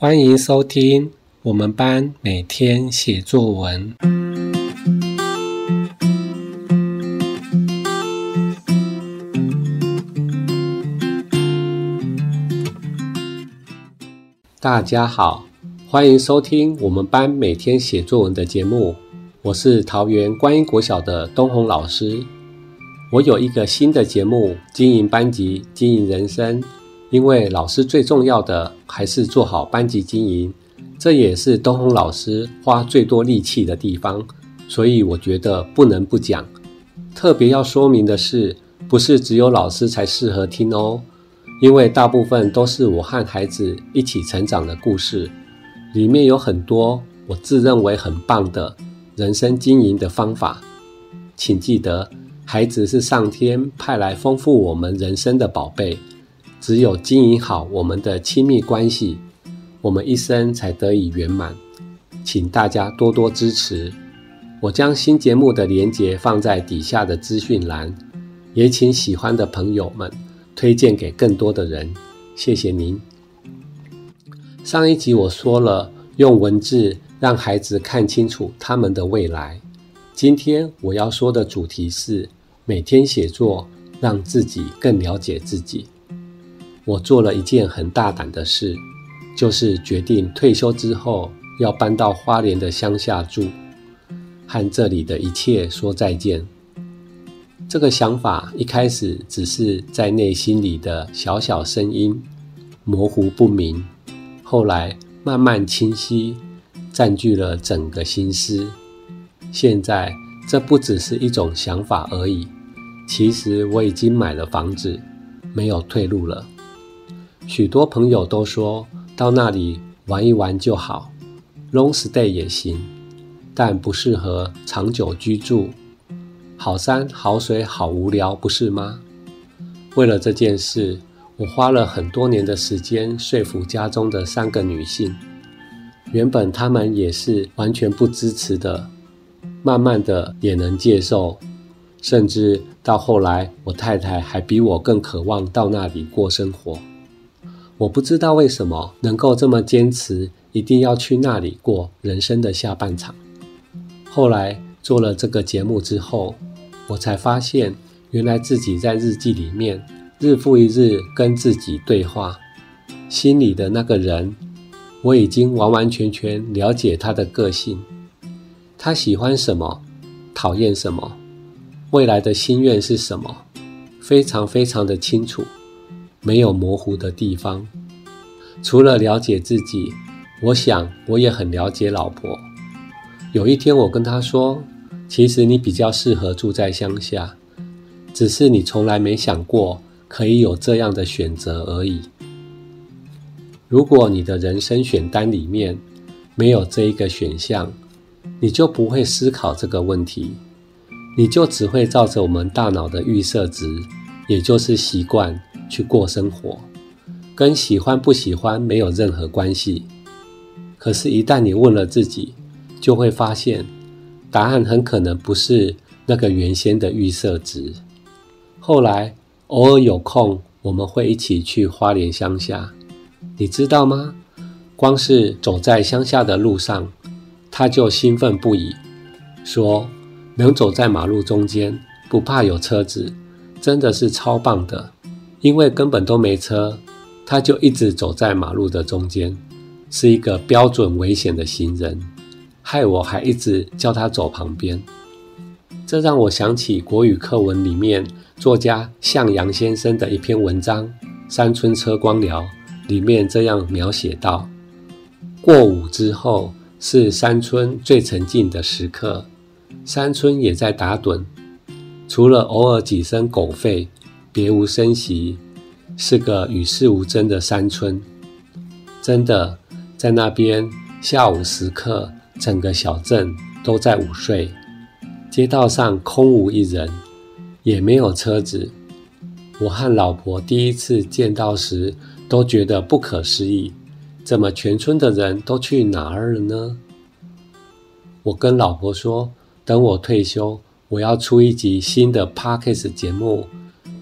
歡迎收聽我們班每天寫作文。大家好，歡迎收聽我們班每天寫作文的節目。我是桃園觀音國小的東宏老師。我有一個新的節目：經營班級，經營人生。因為老師最重要的還是做好班級經營，這也是東紅老師花最多力氣的地方，所以我覺得不能不講。特別要說明的是，不是只有老師才適合聽哦，因為大部分都是我和孩子一起成長的故事，裡面有很多我自認為很棒的人生經營的方法。請記得，孩子是上天派來豐富我們人生的寶貝。只有經營好我們的親密關係，我們一生才得以圓滿。請大家多多支持，我將新節目的連結放在底下的資訊欄，也請喜歡的朋友們推薦給更多的人。謝謝您。上一集我說了用文字讓孩子看清楚他們的未來。今天我要說的主題是每天寫作，讓自己更了解自己。我做了一件很大膽的事，就是決定退休之後要搬到花蓮的鄉下住，和這裡的一切說再見。這個想法一開始只是在內心裡的小小聲音，模糊不明，後來慢慢清晰，佔據了整個心思。現在這不只是一種想法而已，其實我已經買了房子，沒有退路了。許多朋友都說到那裡玩一玩就好，long stay 也行，但不適合長久居住。好山好水好無聊，不是嗎？為了這件事，我花了很多年的時間說服家中的三個女性。原本她們也是完全不支持的，慢慢的也能接受，甚至到後來，我太太還比我更渴望到那裡過生活。我不知道為什麼能夠這麼堅持，一定要去那裡過人生的下半場。後來做了這個節目之後，我才發現，原來自己在日記裡面日復一日跟自己對話，心裡的那個人，我已經完完全全了解他的個性，他喜歡什麼，討厭什麼，未來的心願是什麼，非常非常的清楚。沒有模糊的地方。除了了解自己，我想我也很了解老婆。有一天我跟她說：“其實你比較適合住在鄉下，只是你從來沒想過可以有這樣的選擇而已。”如果你的人生選單裡面沒有這一個選項，你就不會思考這個問題，你就只會照着我們大腦的預設值，也就是習慣。去過生活，跟喜歡不喜歡沒有任何關係。可是，一旦你問了自己，就會發現答案很可能不是那個原先的預設值。後來偶爾有空，我們會一起去花蓮鄉下，你知道嗎？光是走在鄉下的路上，他就興奮不已，說能走在馬路中間，不怕有車子，真的是超棒的。因為根本都沒車，他就一直走在馬路的中間，是一個標準危險的行人，害我還一直叫他走旁邊。這讓我想起國語課文裡面作家向陽先生的一篇文章《山村車光療》裡面這樣描寫道：過午之後是山村最沉靜的時刻，山村也在打盹，除了偶爾幾聲狗吠。別無聲息，是個與世無爭的山村。真的，在那邊，下午時刻，整個小鎮都在午睡，街道上空無一人，也沒有車子。我和老婆第一次見到時，都覺得不可思議，怎麼全村的人都去哪兒了呢？我跟老婆說，等我退休，我要出一集新的 Podcast 節目。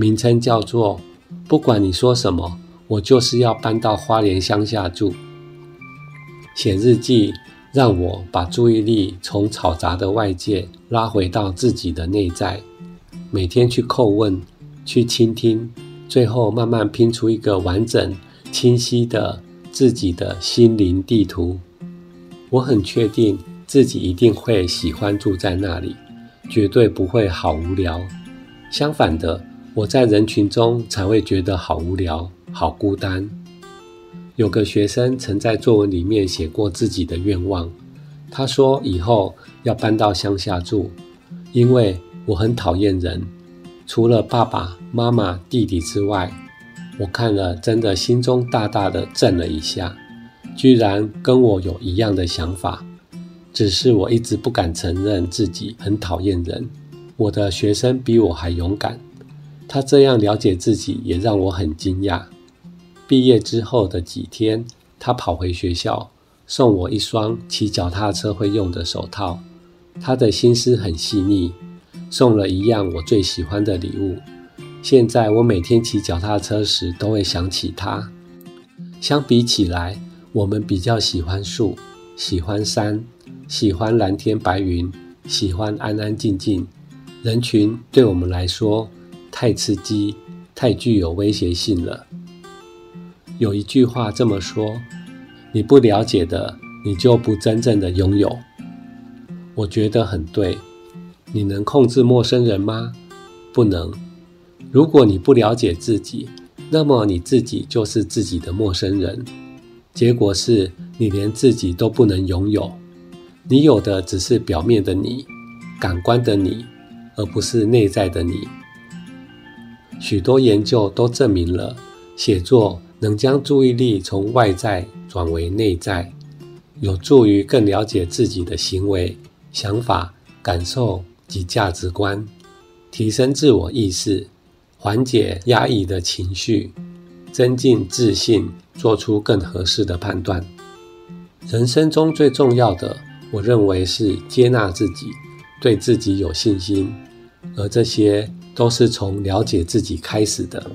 名稱叫做，不管你說什麼，我就是要搬到花蓮鄉下住。寫日記讓我把注意力從吵雜的外界拉回到自己的內在，每天去叩問、去傾聽，最後慢慢拼出一個完整、清晰的自己的心靈地圖。我很確定自己一定會喜歡住在那裡，絕對不會好無聊。相反的。我在人群中才會覺得好無聊、好孤單。有個學生曾在作文裡面寫過自己的願望，他說：“以後要搬到鄉下住，因為我很討厭人，除了爸爸媽媽、弟弟之外。”我看了，真的心中大大的震了一下，居然跟我有一樣的想法，只是我一直不敢承認自己很討厭人。我的學生比我還勇敢。他這樣了解自己，也讓我很驚訝。畢業之後的幾天，他跑回學校，送我一雙騎腳踏車會用的手套。他的心思很細膩，送了一樣我最喜歡的禮物。現在我每天騎腳踏車時都會想起他。相比起來，我們比較喜歡樹，喜歡山，喜歡藍天白雲，喜歡安安靜靜。人群對我們來說，太刺激，太具有威脅性了。有一句話這麼說：“你不了解的，你就不真正的擁有。”我覺得很對。你能控制陌生人嗎？不能。如果你不了解自己，那麼你自己就是自己的陌生人。結果是你連自己都不能擁有。你有的只是表面的你、感官的你，而不是內在的你。許多研究都證明了，寫作能將注意力從外在轉為內在，有助於更了解自己的行為、想法、感受及價值觀，提升自我意識，緩解壓抑的情緒，增進自信，做出更合適的判斷。人生中最重要的，我認為是接納自己，對自己有信心，而這些，都是從了解自己開始的。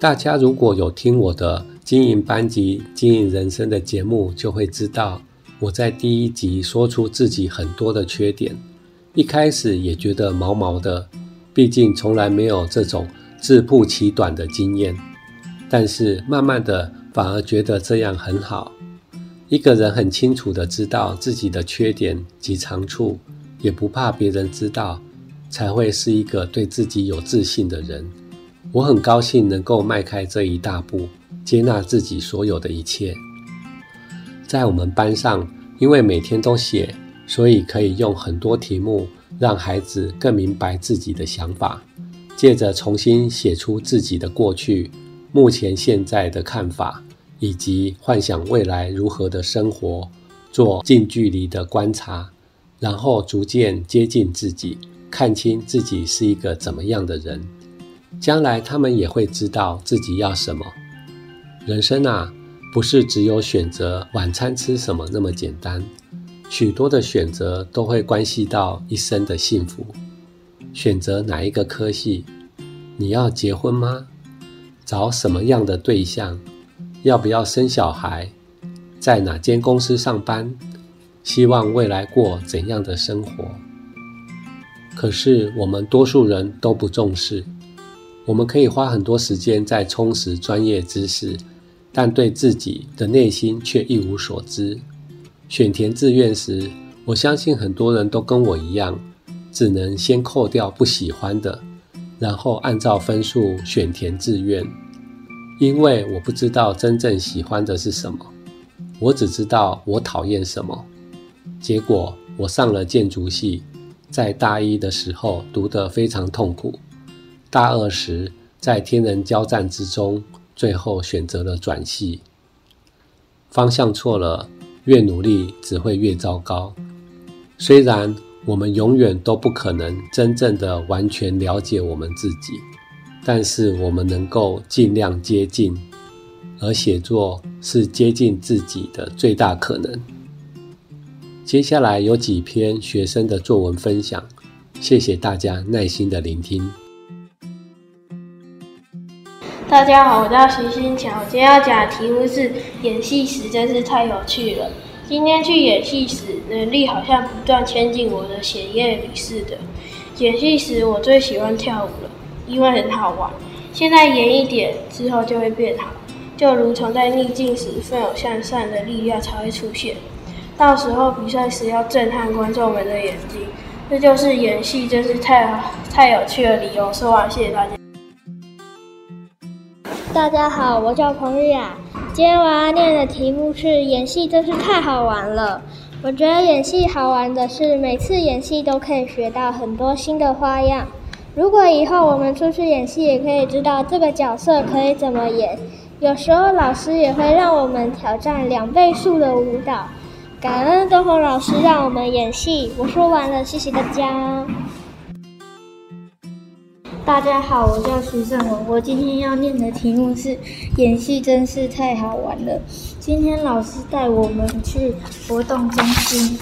大家如果有聽我的經營班級、經營人生的節目，就會知道我在第一集說出自己很多的缺點，一開始也覺得毛毛的，畢竟從來沒有這種自曝其短的經驗。但是慢慢的，反而覺得這樣很好。一個人很清楚的知道自己的缺點及長處，也不怕別人知道，才會是一個對自己有自信的人。我很高興能夠邁開這一大步，接納自己所有的一切。在我們班上，因為每天都寫，所以可以用很多題目讓孩子更明白自己的想法，借着重新寫出自己的過去、目前、現在的看法，以及幻想未來如何的生活，做近距離的觀察，然後逐漸接近自己。看清自己是一個怎麼樣的人，將來他們也會知道自己要什麼。人生啊，不是只有選擇晚餐吃什麼那麼簡單，許多的選擇都會關係到一生的幸福。選擇哪一個科系？你要結婚嗎？找什麼樣的對象？要不要生小孩？在哪間公司上班？希望未來過怎樣的生活？可是我們多數人都不重視。我們可以花很多時間在充實專業知識，但對自己的內心卻一無所知。選填志願時，我相信很多人都跟我一樣，只能先扣掉不喜歡的，然後按照分數選填志願。因為我不知道真正喜歡的是什麼，我只知道我討厭什麼。結果我上了建築系。在大一的時候讀得非常痛苦，大二時在天人交戰之中，最後選擇了轉系。方向錯了，越努力只會越糟糕。雖然我們永遠都不可能真正的完全了解我們自己，但是我們能夠盡量接近，而寫作是接近自己的最大可能。接下來有幾篇學生的作文分享，謝謝大家耐心的聆聽。大家好，我叫徐新橋，今天要講的題目是演戲時真是太有趣了。今天去演戲時，能力好像不斷牽進我的血液裡似的。演戲時，我最喜歡跳舞了，因為很好玩。現在嚴一點，之後就會變好，就如同在逆境時，奮勇向上的力量才會出現。到時候比賽時要震撼觀眾們的眼睛，這就是演戲真是太好、太有趣的理由，是吧？謝謝大家。大家好，我叫彭玉雅，今天我要練的題目是演戲真是太好玩了。我覺得演戲好玩的是，每次演戲都可以學到很多新的花樣。如果以後我們出去演戲，也可以知道這個角色可以怎麼演。有時候老師也會讓我們挑戰兩倍速的舞蹈。感恩東方老師讓我們演戲，我說完了，謝謝大家。大家好，我叫徐勝文，我今天要念的題目是演戲真是太好玩了。今天老師帶我們去活動中心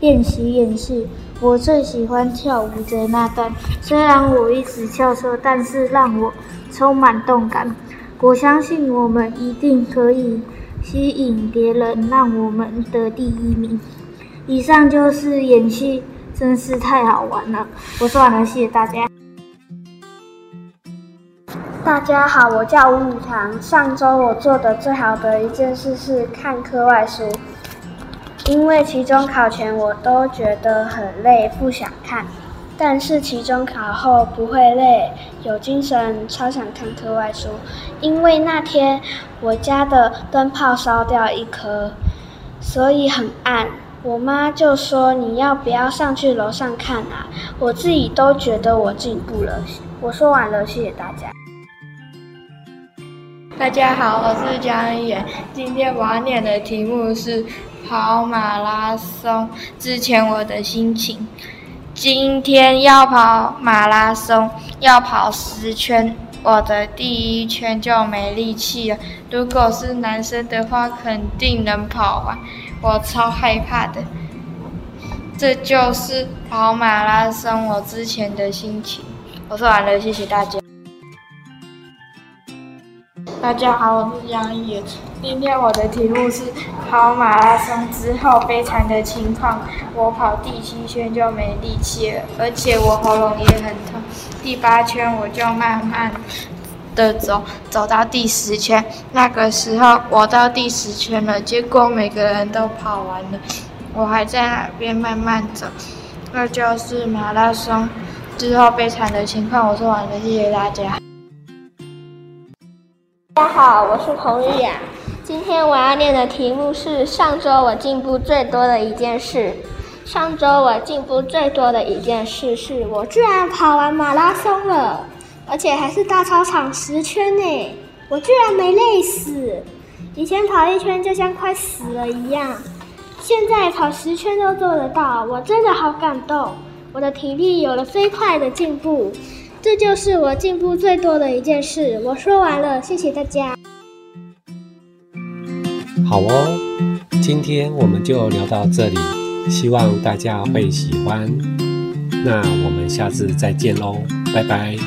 練習演戲，我最喜歡跳舞的那段，雖然我一直跳錯，但是讓我充滿動感。我相信我們一定可以吸引別人，讓我們得第一名。以上就是演戲，真是太好玩了。我說完了，謝謝大家。大家好，我叫吳雨堂。上周我做的最好的一件事是看課外書，因為期中考前我都覺得很累，不想看。但是期中考後不會累，有精神，超想看課外書。因為那天我家的燈泡燒掉一顆，所以很暗。我媽就說：“你要不要上去樓上看啊？”我自己都覺得我進步了。我說完了，謝謝大家。大家好，我是江一言。今天我要念的題目是跑馬拉松之前我的心情。今天要跑馬拉松，要跑十圈，我的第一圈就沒力氣了。如果是男生的話，肯定能跑完。我超害怕的，這就是跑馬拉松我之前的心情。我說完了，謝謝大家。大家好，我是楊宇。今天我的題目是跑馬拉松之後悲慘的情況。我跑第七圈就沒力氣了，而且我喉嚨也很痛。第八圈我就慢慢的走，走到第十圈，那個時候我到第十圈了，結果每個人都跑完了，我還在那邊慢慢走。那就是馬拉松之後悲慘的情況。我說完了，謝謝大家。大家好，我是彭玉雅。今天我要念的題目是上周我進步最多的一件事。上周我進步最多的一件事是我居然跑完馬拉松了，而且還是大操場十圈呢！我居然沒累死，以前跑一圈就像快死了一樣，現在跑十圈都做得到，我真的好感動。我的體力有了飛快的進步。這就是我進步最多的一件事。我說完了，謝謝大家。好哦，今天我們就聊到這裡，希望大家會喜歡。那我們下次再見嘍，拜拜。